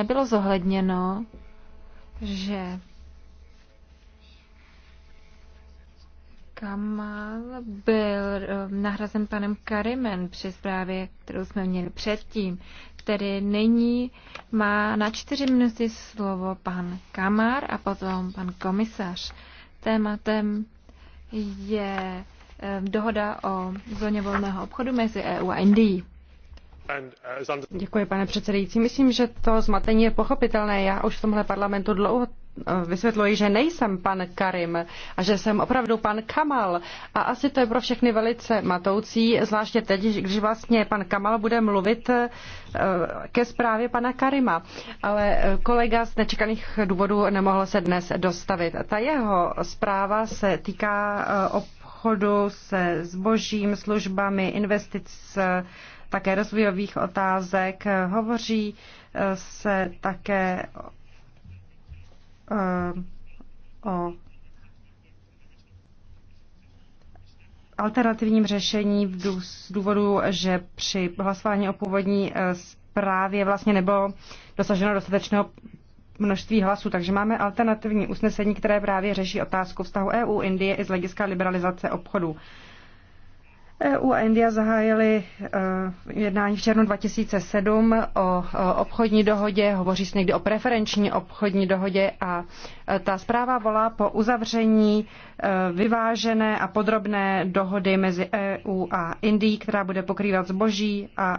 nebylo zohledněno, že Kamal byl eh, nahrazen panem Karimen při zprávě, kterou jsme měli předtím. Tedy nyní má na čtyři minuty slovo pan Kamar a potom pan komisař. Tématem je eh, dohoda o zóně volného obchodu mezi EU a Indií. Děkuji, pane předsedající. Myslím, že to zmatení je pochopitelné. Já už v tomhle parlamentu dlouho eh, vysvětluji, že nejsem pan Karim a že jsem opravdu pan Kamal. A asi to je pro všechny velice matoucí, zvláště teď, když vlastně pan Kamal bude mluvit eh, ke zprávě pana Karima. Ale eh, kolega z nečekaných důvodů nemohl se dnes dostavit. Ta jeho zpráva se týká obchodu se zbožím, službami, investic také rozvojových otázek. Hovoří eh, se také eh, o alternativním řešení z důvodu, že při hlasování o původní eh, zprávě vlastně nebylo dosaženo dostatečného množství hlasů, takže máme alternativní usnesení, které právě řeší otázku vztahu EU-Indie i z hlediska liberalizace obchodu. EU a India zahájili e, jednání v červnu 2007 o obchodní dohodě, hovoří se někdy o preferenční obchodní dohodě a e, ta zpráva volá po uzavření e, vyvážené a podrobné dohody mezi EU a Indií, která bude pokrývat zboží a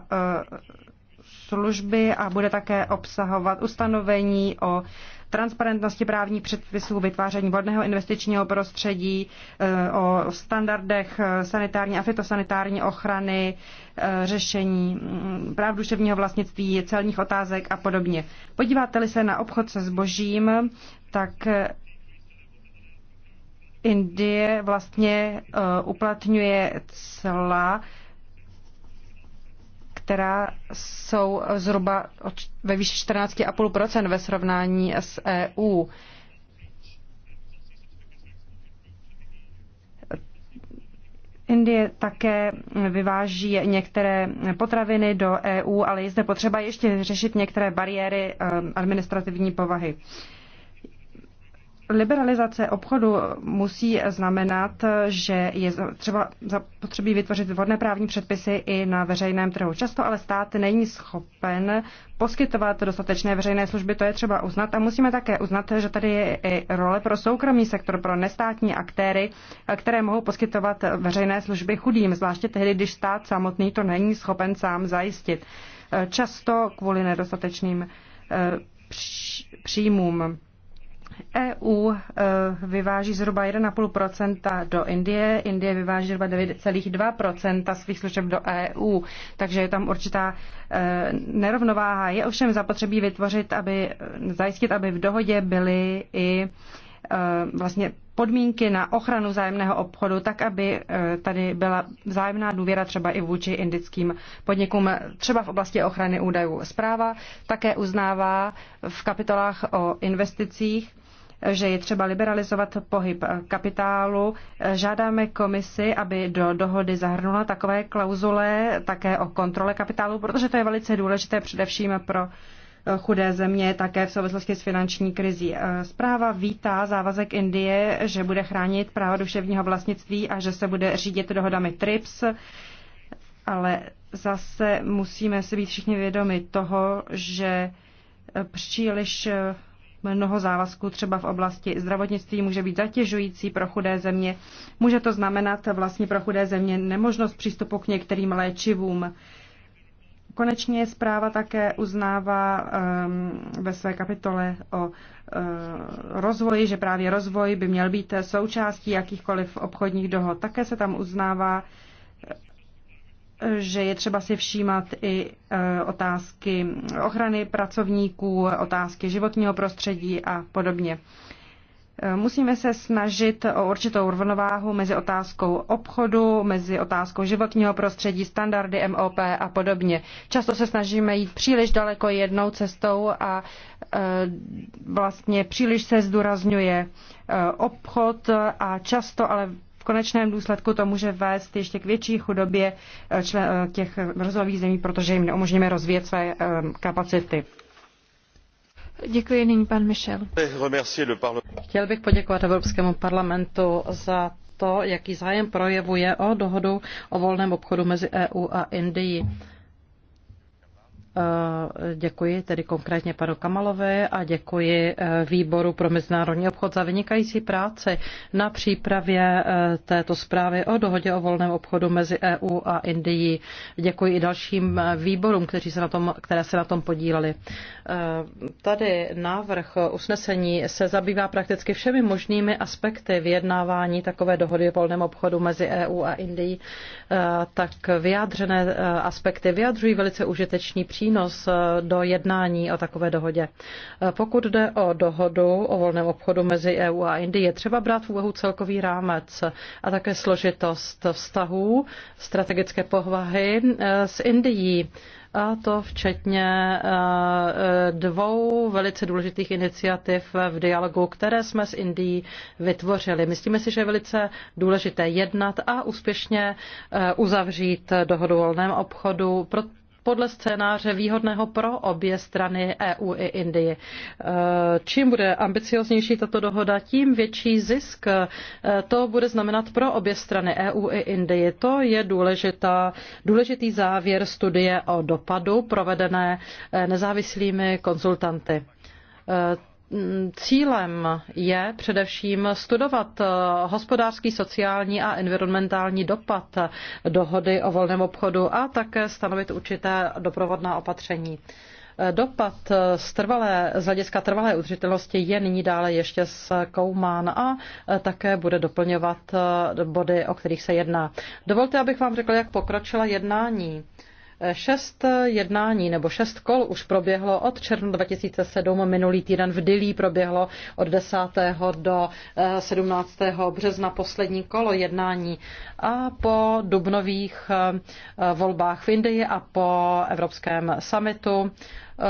služby a bude také obsahovat ustanovení o transparentnosti právních předpisů, vytváření vodného investičního prostředí, eh, o standardech eh, sanitární a fitosanitární ochrany, eh, řešení mm, práv duševního vlastnictví, celních otázek a podobně. Podíváte-li se na obchod se zbožím, tak Indie vlastně uplatňuje cla která jsou zhruba ve výši 14,5 ve srovnání s EU. Indie také vyváží některé potraviny do EU, ale je zde potřeba ještě řešit některé bariéry eh, administrativní povahy liberalizace obchodu musí znamenat, že je třeba potřebí vytvořit vhodné právní předpisy i na veřejném trhu. Často ale stát není schopen poskytovat dostatečné veřejné služby, to je třeba uznat. A musíme také uznat, že tady je i role pro soukromý sektor, pro nestátní aktéry, které mohou poskytovat veřejné služby chudým, zvláště tehdy, když stát samotný to není schopen sám zajistit. Často kvůli nedostatečným eh, příjmům. EU e, vyváží zhruba 1,5 do Indie, Indie vyváží zhruba 9,2 svých služeb do EU, takže je tam určitá e, nerovnováha. Je ovšem zapotřebí vytvořit, aby zajistit, aby v dohodě byly i e, vlastně podmínky na ochranu zájemného obchodu, tak aby tady byla vzájemná důvěra třeba i vůči indickým podnikům, třeba v oblasti ochrany údajů. Zpráva také uznává v kapitolách o investicích že je třeba liberalizovat pohyb kapitálu. Žádáme komisi, aby do dohody zahrnula takové klauzule také o kontrole kapitálu, protože to je velice důležité především pro chudé země, také v souvislosti s finanční krizí. Zpráva vítá závazek Indie, že bude chránit práva duševního vlastnictví a že se bude řídit dohodami TRIPS, ale zase musíme si být všichni vědomi toho, že příliš mnoho závazků třeba v oblasti zdravotnictví může být zatěžující pro chudé země. Může to znamenat vlastně pro chudé země nemožnost přístupu k některým léčivům. Konečně zpráva také uznává um, ve své kapitole o uh, rozvoji, že právě rozvoj by měl být součástí jakýchkoliv obchodních dohod. Také se tam uznává že je třeba si všímat i e, otázky ochrany pracovníků, otázky životního prostředí a podobně. E, musíme se snažit o určitou rovnováhu mezi otázkou obchodu, mezi otázkou životního prostředí, standardy MOP a podobně. Často se snažíme jít příliš daleko jednou cestou a e, vlastně příliš se zdůrazňuje obchod a často ale v konečném důsledku to může vést ještě k větší chudobě eh, člen, eh, těch rozvojových zemí, protože jim neumožníme rozvíjet své eh, kapacity. Děkuji, nyní pan Michel. Chtěl bych poděkovat Evropskému parlamentu za to, jaký zájem projevuje o dohodu o volném obchodu mezi EU a Indií. Eh, děkuji tedy konkrétně panu Kamalové a děkuji eh, Výboru pro mezinárodní obchod za vynikající práci na přípravě eh, této zprávy o dohodě o volném obchodu mezi EU a Indií. Děkuji i dalším výborům, kteří se na tom, které se na tom podíleli. Tady návrh usnesení se zabývá prakticky všemi možnými aspekty vyjednávání takové dohody o volném obchodu mezi EU a Indií, tak vyjádřené aspekty vyjadřují velice užitečný příklad přínos eh, do jednání o takové dohodě. Eh, pokud jde o dohodu o volném obchodu mezi EU a Indií, je třeba brát v úvahu celkový rámec a také složitost vztahů strategické povahy eh, s Indií. A to včetně dvou velice důležitých iniciativ v dialogu, které jsme s Indií vytvořili. Myslíme si, že je velice důležité jednat a úspěšně uzavřít dohodu o volném obchodu, podle scénáře výhodného pro obě strany EU i Indii. Eh, čím bude ambicioznější tato dohoda, tím větší zisk eh, to bude znamenat pro obě strany EU i Indii. To je důležitá, důležitý závěr studie o dopadu provedené eh, nezávislými konzultanty Mm, cílem je především studovat eh, hospodářský, sociální a environmentální dopad dohody o volném obchodu a také stanovit určité doprovodná opatření. Eh, dopad eh, z, trvalé, z hlediska trvalé udržitelnosti je nyní dále ještě zkoumán a také bude doplňovat body, o kterých se jedná. Dovolte, abych vám řekla, jak pokročila jednání. Šest jednání nebo šest kol už proběhlo od června 2007, minulý týden v Dilí proběhlo od 10. do 17. Eh, března poslední kolo jednání a po dubnových eh, volbách v Indii a po Evropském summitu eh,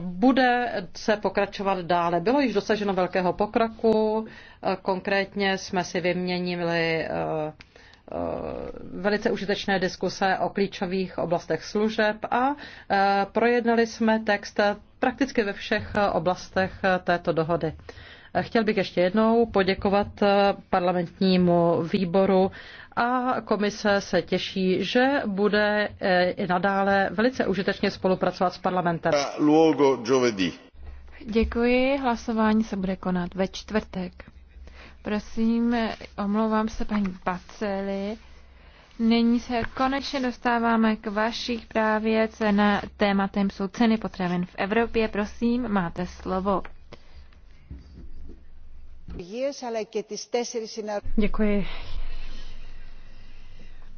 bude se pokračovat dále. Bylo již dosaženo velkého pokroku, konkrétně jsme si vyměnili velice užitečné diskuse o klíčových oblastech služeb a e, projednali jsme text prakticky ve všech oblastech této dohody. E, chtěl bych ještě jednou poděkovat e, parlamentnímu výboru a komise se těší, že bude i nadále velice užitečně spolupracovat s parlamentem. Děkuji, hlasování se bude konat ve čtvrtek. Prosím, omlouvám se paní Paceli. Nyní se konečně dostáváme k vašich právě cena, tématem jsou ceny potravin v Evropě. Prosím, máte slovo. Děkuji.